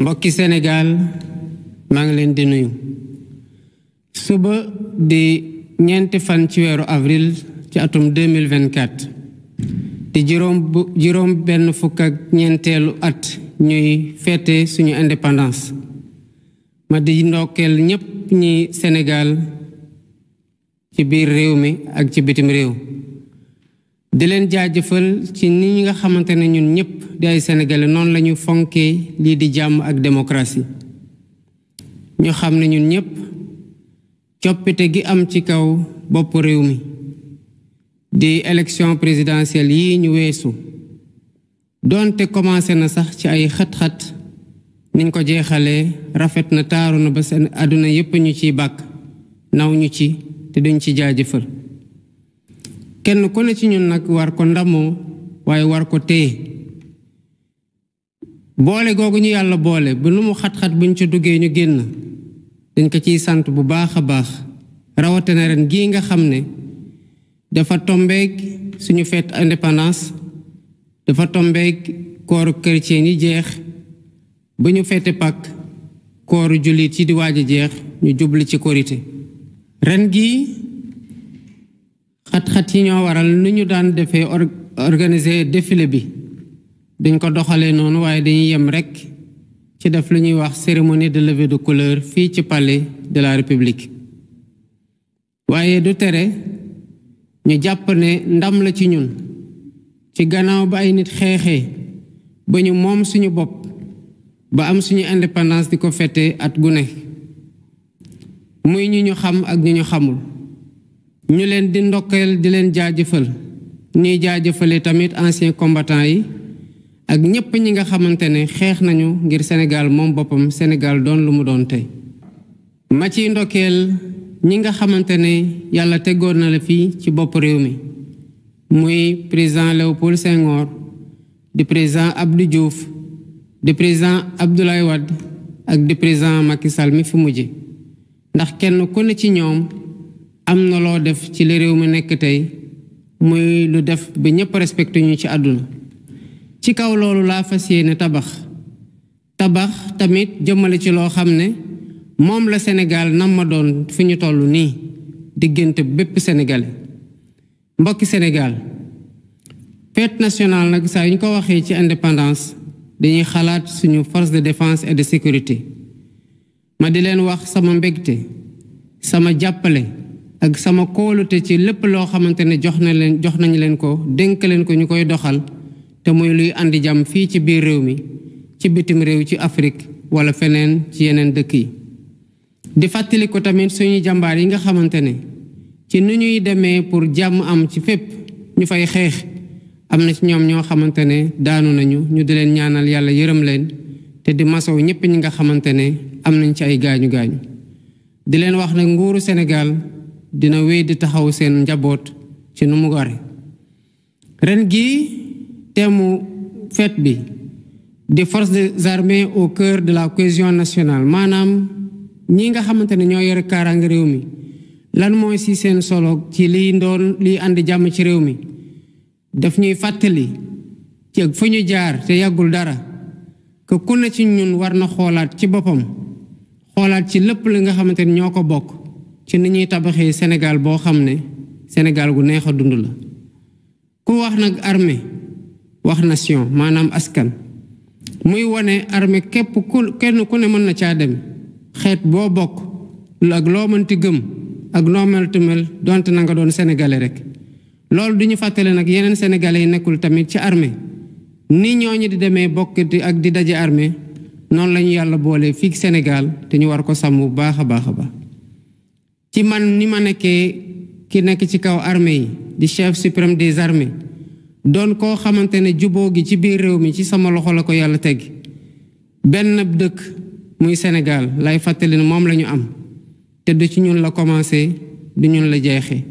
mbokki senegaal maa ngi leen di nuyu suba di ñeenti fan ci weeru avril ci atum 2024 di juróom juróom benn fukk ak ñeenteelu at ñuy feete suñu indépendance ma di ndokkeel ñépp ñi senegaal ci biir réew mi ak ci bitim réew di leen jaajëfal ci ni ñi nga xamante ne ñun ñëpp di ay sénégalais noonu lañu fonkee lii di jàmm ak démocratie ñu xam ne ñun ñëpp coppite gi am ci kaw bopp réew mi di élection présidentielle yi ñu weesu doonte commencé na sax ci ay xat-xat niñ ko jeexalee rafet na taaru na ba seen àdduna yépp ñu ciy bàkk naw ñu ci te duñ ci jaajëfal kenn ku ne ci ñun nag war ko ndamoo waaye war ko téye boole googu ñu yàlla boole ba lu mu xat-xat buñ ca duggee ñu génn dañ ko ciy sant bu baax a baax rawatina ren gii nga xam ne dafa tombeeg suñu fête indépendance dafa tombeeg kooru chrétien yi jeex ba ñu fete Pâques kooru jullit yi di waaj a jeex ñu jubli ci korité ren gi xat-xat yi ñoo waral nu ñu daan defee organiser défilé bi dañ ko doxalee noonu waaye dañuy yem rekk ci def lu ñuy wax cérémonie de levé de couleur fii ci palais de la république waaye du tere ñu jàpp ne ndam la ci ñun ci gannaaw ba ay nit xeexee ba ñu moom suñu bopp ba am suñu indépendance di ko fete at gu ne muy ñu ñu xam ak ñu ñu xamul ñu leen di ndokkeel di leen jaajëfal ñuy jaajëfale tamit anciens combattants yi ak ñépp ñi nga xamante ne xeex nañu ngir Sénégal moom boppam Sénégal doon lu mu doon tey ma ciy ndokkeel ñi nga xamante ne yàlla tegoon na la fii ci bopp réew mi muy président Léopold Senghor di président Abdou Diouf di président Abdoulaye Wade ak di président Macky Sall mi fi mujj ndax kenn ku ne ci ñoom am na loo def ci li réew mi nekk tey muy lu def ba ñépp respecté ñu ci àdduna ci kaw loolu laa fas yéene tabax tabax tamit jëmale ci loo xam ne moom la Sénégal nam ma doon fi ñu toll nii diggante bépp sénégalais mbokki Sénégal fête nationale nag saa yu ñu ko waxee ci indépendance dañuy xalaat suñu force de défense et de sécurité ma di leen wax sama mbégte sama jàppale ak sama kóolute ci lépp loo xamante ne jox na leen jox nañ leen ko dénk leen ko ñu koy doxal te muy luy indi jàmm fii ci biir réew mi ci bitim réew ci Afrique wala feneen ci yeneen dëkk yi. di fàttali ko tamit suñu jàmbaar yi nga xamante ne ci nu ñuy demee pour jàmm am ci fépp ñu fay xeex am na ci ñoom ñoo xamante ne daanu nañu ñu di leen ñaanal yàlla yërëm leen te di masow ñëpp ñi nga xamante ne am nañ ci ay gaañu gaañu di leen wax nag nguuru Sénégal. dina wéy di taxaw seen njaboot ci nu mu ware ren gi teemu fête bi des forces des armées au cœur de la cohésion nationale maanaam ñi nga xamante ne ñoo yore kaaraange réew mi lan mooy si seen solo ci liy ndoon liy àndi jàmm ci réew mi daf ñuy fàttali ci fa ñu jaar te yàggul dara que ku ne ci ñun war na xoolaat ci boppam xoolaat ci lépp li nga xamante ni ñoo ko bokk ci ni ñuy tabaxee Sénégal boo xam ne Sénégal gu neex a dund la ku wax nag armée wax nation maanaam askan muy wane armée képp ku kenn ku ne mën na caa dem xeet boo bokk ak loo mënti gëm ak noo mel tumel donte na nga doon sénégalais rek loolu du ñu fàttale nag yeneen sénégalais yi nekkul tamit ci armée ni ñooñu di demee bokkati ak di daje armée noonu la ñu yàlla boole fii Sénégal te ñu war ko sàmm bu baax a baax a baax ci man ni ma nekkee ki nekk ci kaw armée yi di chef suprême des armées doon koo xamante ne juboo gi ci biir réew mi ci sama loxo la ko yàlla teg benn dëkk muy Sénégal lay fàttalin moom lañu am te du ci ñun la commencé du ñun la jeexee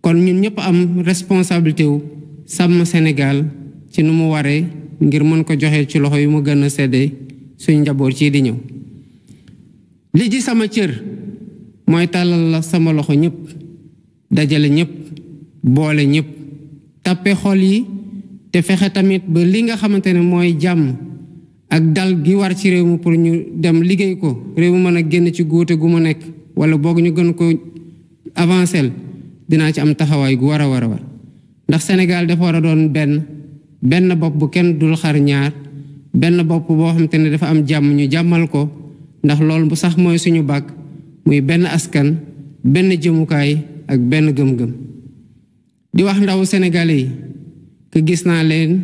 kon ñun ñëpp am responsabilité wu sàmm Sénégal ci ni mu waree ngir mën ko joxe ci loxo yi mu gën a sedde suñ njaboot ci di ñëw mooy tàllal la sama loxo ñëpp dajale ñëpp boole ñëpp tàppe xol yi te fexe tamit ba li nga xamante ne mooy jàmm ak dal gi war ci réew mi pour ñu dem liggéey ko réew mi mën a génn ci guute gu mu nekk wala boog ñu gën ko avancel dinaa ci am taxawaay gu war a war a war ndax Sénégal dafa war a doon benn benn bopp bu kenn dul xar ñaar benn bopp boo xamante te ne dafa am jàmm ñu jàmmal ko ndax loolu sax mooy suñu bàkk muy benn askan benn jëmukaay ak benn gëm-gëm di wax ndaw sénégalais yi que gis naa leen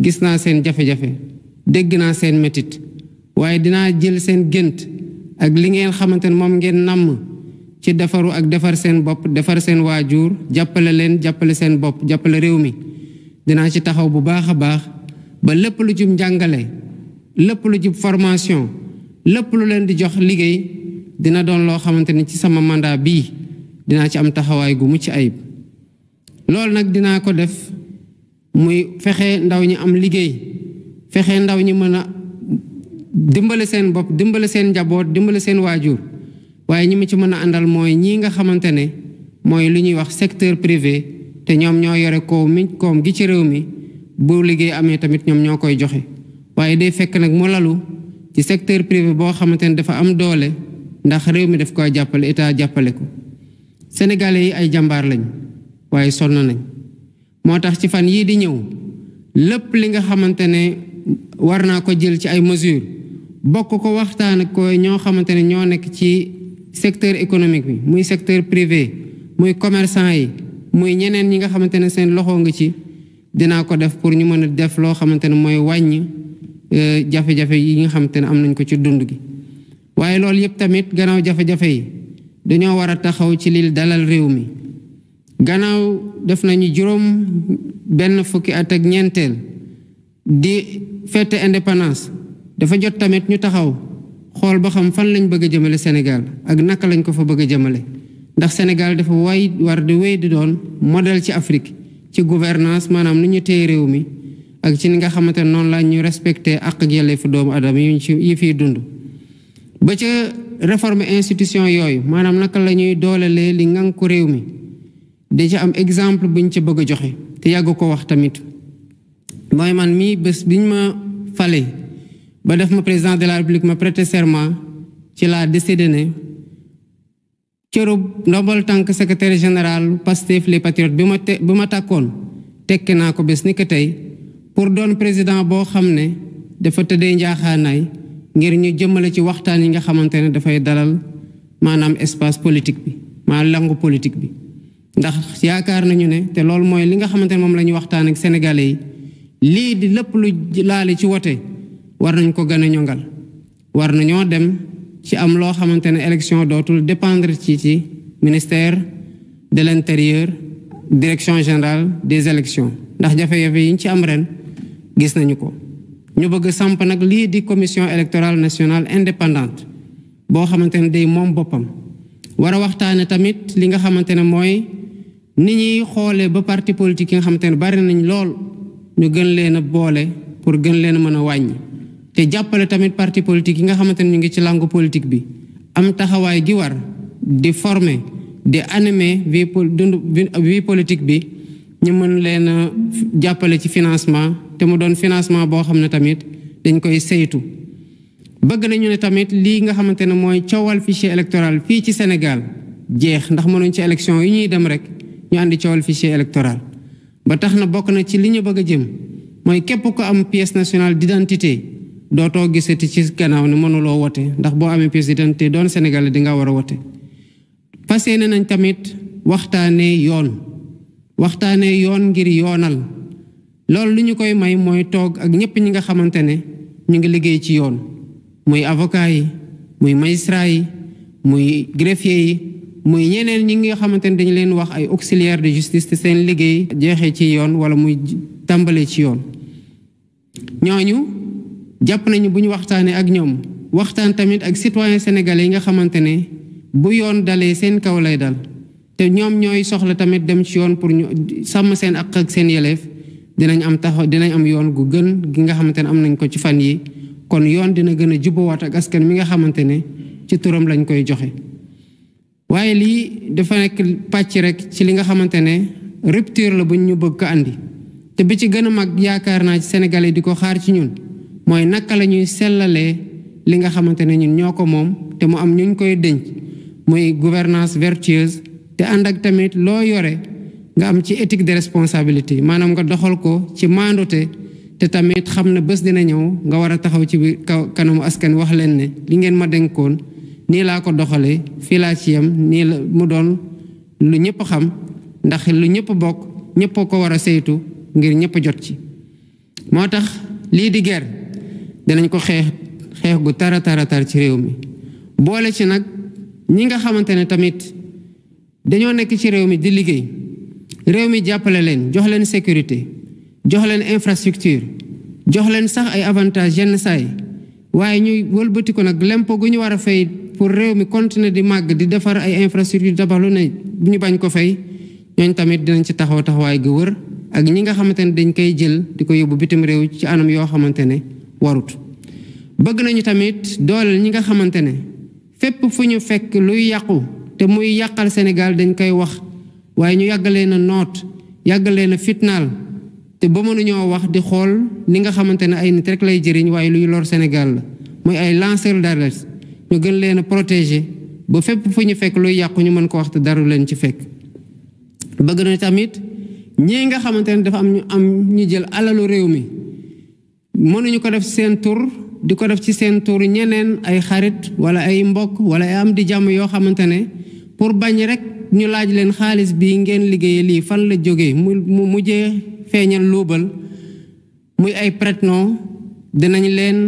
gis naa seen jafe-jafe dégg naa seen metit waaye dinaa jël seen gént ak li ngeen xamante ne moom ngeen namm ci defaru ak defar seen bopp defar seen waajur jàppale leen jàppale seen bopp jàppale réew mi dinaa ci taxaw bu baax a baax ba lépp lu jub njàngale lépp lu jub formation lépp lu leen di jox liggéey dina doon loo xamante ne ci sama mandat bii dinaa ci am taxawaay gu ci ayib loolu nag dinaa ko def muy fexe ndaw ñi am liggéey fexe ndaw ñi mën a dimbale seen bopp dimbale seen njaboot dimbale seen waajur waaye ñi ma ci mën a àndal mooy ñii nga xamante ne mooy li ñuy wax secteur privé te ñoom ñoo yore koom mi koom gi ci réew mi bu liggéey amee tamit ñoom ñoo koy joxe waaye day fekk nag mu lalu ci secteur privé boo xamante ne dafa am doole ndax réew mi def ko jàppale état jàppale ko sénégalais yi ay jàmbaar lañ waaye sonn nañ moo tax ci fan yii di ñëw lépp li nga xamante ne war naa ko jël ci ay mesures bokk ko waxtaan ak ñoo xamante ne ñoo nekk ci secteur économique bi muy secteur privé muy commerçant yi muy ñeneen ñi nga xamante ne seen loxo nga ci dinaa ko def pour ñu mën a def loo xamante ne mooy wàññi euh, jafe-jafe yi nga xamante ne am nañ ko ci dund gi waaye loolu yëpp tamit gannaaw jafe-jafe yi dañoo war a taxaw ci lii dalal réew mi gannaaw def nañu juróom benn fukki at ak ñeenteel di fete indépendance dafa jot tamit ñu taxaw xool ba xam fan lañ bëgg a jëmale Sénégal ak naka lañ ko fa bëgg a jëmale ndax Sénégal dafa way war di wéy di doon modèle ci Afrique ci gouvernance maanaam nu ñu téye réew mi ak ci ni nga xamante noonu la ñu respecté ak ak yelleefu doomu aadama yi ñu ci yi fiy dund ba ca réforme institution yooyu maanaam naka la ñuy doolelee li ngànku réew mi da ca am exemple buñ ca bëgg a joxe te yàgg ko wax tamit mooy man mii bés bi biñ ma fale ba def ma président de la république ma prêter serment ci laa décidé ne cërub ndombal tànk secretaire général Pastef les patriotes bi ma te bi ma tàkkoon tekki naa ko bés ni ko tey pour doon président boo xam ne dafa tëddee njaaxaanaay ngir ñu jëmmale ci waxtaan yi nga xamante ne dafay dalal maanaam espace politique bi maanaam langue politique bi ndax yaakaar nañu ne te loolu mooy li nga xamante ne moom la ñu waxtaan ak sénégalais yi lii di lépp lu laale ci wote war nañ ko gën a ñongal war nañoo dem ci am loo xamante ne élection dootul dépendre ci ci ministère de l'intérieur direction générale des élections ndax jafe-jafe yi ñu ci am ren gis nañu ko ñu bëgg samp nag lii di commission électorale national indépendante boo xamante ne day moom boppam war a waxtaane tamit li nga xamante ne mooy ni ñuy xoolee ba parti politique yi nga xamante ne bari nañ lool ñu gën leen a boole pour gën leen mën a wàññi te jàppale tamit parti politique yi nga xamante ne ñu ngi ci langue politique bi am taxawaay gi war di former di animer vie vie politique bi ñu mën leen a jàppale ci financement te mu doon financement boo xam ne tamit dañ koy saytu bëgg nañu ne tamit lii nga xamante ne mooy coowal fichier électoral fii ci Sénégal jeex ndax mënuñ ci élection yi ñuy dem rek ñu àndi coowal fichier électoral ba tax na bokk na ci li ñu bëgg a jëm mooy képp ko am pièce nationale d'identité dootoo gisati ci gannaaw ne mënuloo wote ndax boo amee pièce d'identité doon Sénégal di nga war a wote fas ne nañ tamit waxtaanee yoon waxtaanee yoon ngir yoonal loolu li ñu koy may mooy toog ak ñépp ñi nga xamante ne ñu ngi liggéey ci yoon muy avocat yi muy magistrat yi muy greffier yi muy ñeneen ñi nga xamante ne dañu leen wax ay auxiliaire de justice te seen liggéey jeexee ci yoon wala muy tàmbalee ci yoon ñooñu jàpp nañu bu ñu waxtaanee ak ñoom waxtaan tamit ak citoyen sénégalais yi nga xamante ne bu yoon dalee seen kaw lay dal te ñoom ñooy soxla tamit dem ci yoon pour ñu sàmm seen ak ak seen yeleef dinañ am taxaw dinañ am yoon gu gën gi nga xamante ne am nañ ko ci fan yi kon yoon dina gën a jubbawaat ak askan mi nga xamante ne ci turam lañu koy joxe waaye lii dafa nekk pàcc rek ci li nga xamante ne rupture la buñ ñu bëgg ko andi te bi ci gën a mag yaakaar naa ci Sénégalais di ko xaar ci ñun mooy naka la ñuy sellalee li nga xamante ne ñun ñoo ko moom te mu am ñu koy denc muy gouvernance vertueuse te ànd ak tamit loo yore nga am ci éthique de responsabilité maanaam nga doxal ko ci maandute te tamit xam na bés dina ñëw nga war a taxaw ci biir kanamu askan wax leen ne li ngeen ma denkoon nii laa ko doxalee fii laa ci yem nii la mu doon lu ñëpp xam ndax lu ñëpp bokk ñëpp ko war a saytu ngir ñëpp jot ci. moo tax lii di ger dinañ ko xeex xeex gu tara tara tar ci réew mi boole ci nag ñi nga xamante ne tamit dañoo nekk ci réew mi di liggéey. réew mi jàppale leen jox leen sécurité jox leen infrastructure jox leen sax ay avantages yenn saay waaye ñuy wëlbati ko nag lempo gu ñu war a fay pour réew mi continuer di màgg di defar ay infrastructure tabax lu ne bu ñu bañ ko fay ñooñ tamit dinañ ci taxaw taxawaay gu ak ñi nga xamante ne dañ koy jël di ko yóbbu bitim réew ci anam yoo xamante ne warut. bëgg nañu tamit dooleel ñi nga xamante ne fépp fu ñu fekk luy yàqu te muy yàqal Sénégal dañ koy wax waaye ñu yàggalee na noot yàggalee na fitnaal te ba mënuñoo wax di xool ni nga xamante ne ay nit rek lay jëriñ waaye luy lor Sénégal la mooy ay lanceur d'alerte gën leen a protéger ba fépp fu ñu fekk luy yàqu ñu mën ko wax te daru leen ci fekk bëgg na tamit ñii nga xamante ne dafa am ñu am ñu jël alalu réew mi mënuñu ko def seen tur di ko def ci seen tur ñeneen ay xarit wala ay mbokk wala ay am di jàmm yoo xamante ne pour bañ rek ñu laaj leen xaalis bi ngeen liggéeye lii fan la jógee mu mu mujjee feeñal luubal muy ay prête-nom leen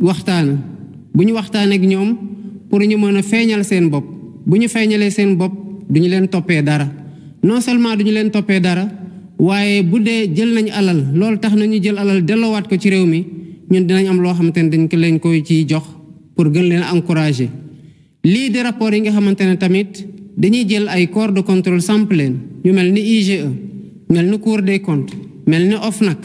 waxtaan bu ñu waxtaan ak ñoom pour ñu mën a feeñal seen bopp bu ñu feeñalee seen bopp duñu leen toppee dara non seulement duñu leen toppee dara waaye bu dee jël nañ alal loolu tax nañu jël alal delloowaat ko ci réew mi ñun dinañ am loo xamante ne dañ ko leen koy ciy jox pour gën leen encourager lii di rapport yi nga xamante ne tamit dañuy jël ay corps de contrôle samp leen ñu mel ni IGE mel ni Cour de comptes mel ni nag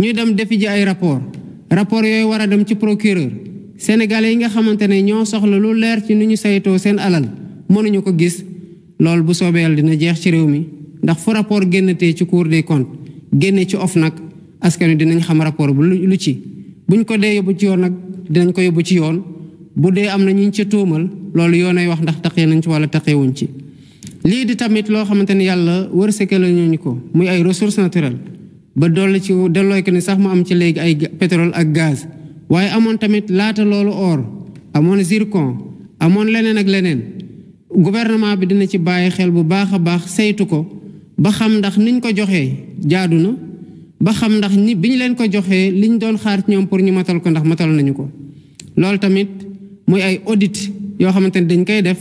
ñuy dem defi ay rapport rapport yooyu war a dem ci procureur sénégalais yi nga xamante ne ñoo soxla lu leer ci nu ñu saytoo seen alal mënuñu ko gis loolu bu soobeel dina jeex ci réew mi ndax fu rapport tey ci Cour de comptes génne ci nag askan wi dinañ xam rapport bu lu ci buñ ko dee yóbbu ci yoon nag dinañ ko yóbbu ci yoon bu dee am na ñu ñu ca tuumal loolu yoonay wax ndax taqee nañ ci wala taqeewuñ ci lii di tamit loo xamante ni yàlla wërsëgal nañu ñu ko muy ay ressources naturelles ba dolli ci dellooy ko ni sax mu am ci léegi ay pétrole ak gaz waaye amoon tamit laata loolu or amoon zircon amoon leneen ak leneen gouvernement bi dina ci bàyyi xel bu baax a baax saytu ko ba xam ndax niñ ko joxee jaadu na ba xam ndax ni bi ñu leen ko joxee liñ doon xaar ñoom pour ñu matal ko ndax matal nañu ko muy ay audit yoo xamante ne dañ koy def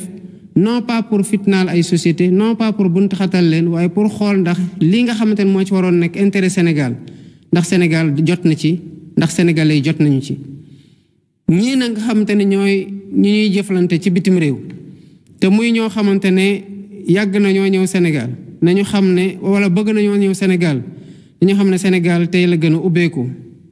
non pas pour fitnaal ay société non pas pour bunt xatal leen waaye pour xool ndax lii nga xamante ne moo ci waroon nekk intérêt Sénégal ndax Sénégal jot na ci ndax sénégalais jot nañu ci. ñii na nga xamante ne ñooy ñi ñuy jëflante ci bitim réew te muy ñoo xamante ne yàgg nañoo ñëw Sénégal nañu xam ne wala bëgg nañoo ñëw Sénégal dañu xam ne Sénégal tey la gën a ubbeeku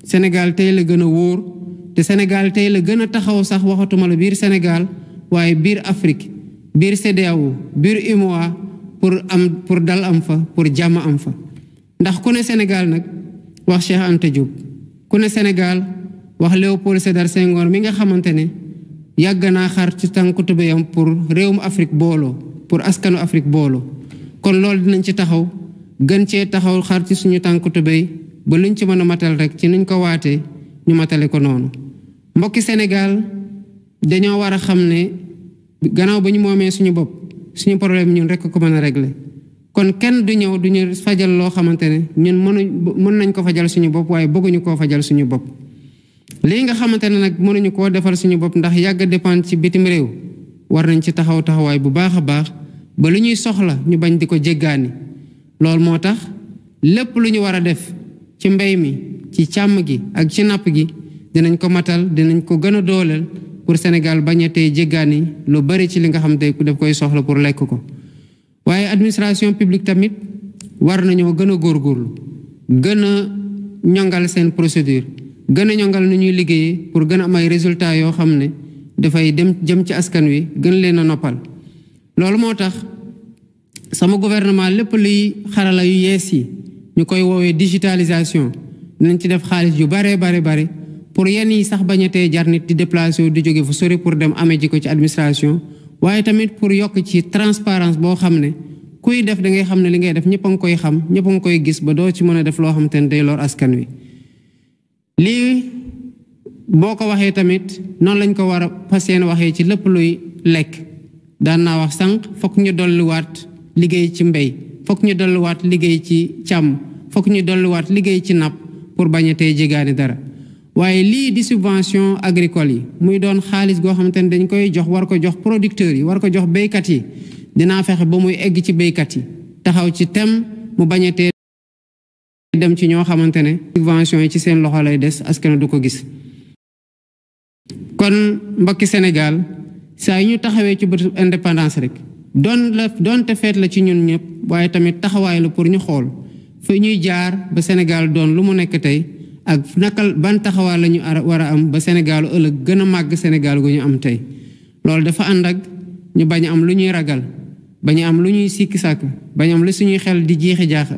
Sénégal tey la gën a wóor. te Sénégal tey la gën a taxaw sax waxatuma la biir Sénégal waaye biir Afrique biir CEDEAO biir UMOA pour am pour dal am fa pour jàmm am fa ndax ku ne Sénégal nag wax Cheikh Anta Diop ku ne Sénégal wax Léopold Sédar Senghor mi nga xamante ne yàgg naa xar ci tànku tubéyam pour réewum Afrique booloo pour askanu Afrique booloo kon loolu dinañ ci taxaw gën cee taxaw xar ci suñu tànku tubéy ba luñ ci mën a matal rek ci nuñ ko waatee ñu matale ko noonu mbokki Sénégal dañoo war a xam ne gannaaw ba ñu moomee suñu bopp suñu problème ñun rekk ko mën a régler kon kenn du ñëw du ñu fajal loo xamante ne ñun mënuñ mën nañ ko fajal suñu bopp waaye bëgguñu koo fajal suñu bopp lii nga xamante ne nag mënuñu koo defal suñu bopp ndax yàgg dépendre ci bitim réew war nañ ci taxaw taxawaay bu baax a baax ba lu ñuy soxla ñu bañ di ko jéggaani loolu moo tax lépp lu ñu war a def ci mbéy mi ci càmm gi ak ci napp gi dinañ ko matal dinañ ko gën a dooleel pour Sénégal bañ a tey jéggaani lu bari ci li nga xam te daf koy soxla pour lekk ko waaye administration publique tamit war nañoo gën a góorlu gën a ñongal seen procédure gën a ñongal nu ñuy liggéeyee pour gën a am ay yoo xam ne dafay dem jëm ci askan wi gën leen a noppal loolu moo tax sama gouvernement lépp luy xarala yu yees yi ñu koy woowee digitalisation dinañ ci def xaalis yu bare bare bare pour yenn yi sax bañ a tee jar nit di déplacé wu di jóge fu sori pour dem amee ji ko ci administration waaye tamit pour yokk ci transparence boo xam ne kuy def da ngay xam ne li ngay def ñëpp a nga koy xam ñëpp a koy gis ba doo ci mën a def loo xam te ne day lor askan wi lii boo ko waxee tamit noonu lañ ko war a fas waxee ci lépp luy lekk daan naa wax sànq fokk ñu dolliwaat liggéey ci mbéy fokk ñu dolliwaat liggéey ci càmm fokk ñu dolliwaat liggéey ci napp pour bañ a tey jégaani dara waaye lii di subvention agricole yi muy doon xaalis goo xamante ne dañ koy jox war ko jox producteurs yi war ko jox béykat yi dinaa fexe ba muy egg ci béykat yi taxaw ci tem mu bañ a tee dem ci ñoo xamante ne subvention yi ci seen loxo lay des askan du ko gis kon mbokki Sénégal saa yi ñu taxawee ci bëtu indépendance rek doon la feet la ci ñun ñëpp waaye tamit taxawaay la pour ñu xool fa ñuy jaar ba Sénégal doon lu mu nekk tey ak nakal ban taxawaa la ñu war a am ba Sénégalu ëllëg gën a màgg Sénégal gu ñu am tey loolu dafa ànd ak ñu bañ am lu ñuy ragal bañ am lu ñuy sikki sàkk bañ am lu suñuy xel di jiixi jaaxa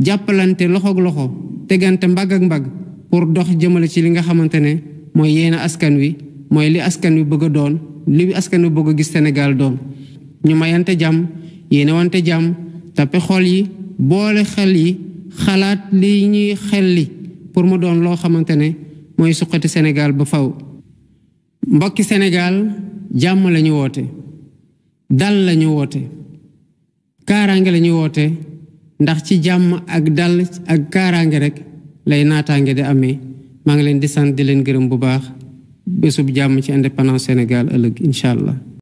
jàppalante loxo ak loxo tegante mbagg ak mbagg pour dox jëmale ci li nga xamante ne mooy yéen askan wi mooy li askan wi bëgg a doon li askan wi bëgg a gis Sénégal doon ñu mayante jàmm yéene jàmm tappe xol yi boole xel yi xalaat li ñuy xel li pour mu doon loo xamante ne mooy suqati Sénégal ba faw mbokki Sénégal jàmm la ñu woote dal la ñu woote kaaraange la ñu woote ndax ci jàmm ak dal ak kaaraange rek lay naataange di amee maa ngi leen di sant di leen gërëm bu baax bésub jàmm ci indépendance Sénégal ëllëg incha allah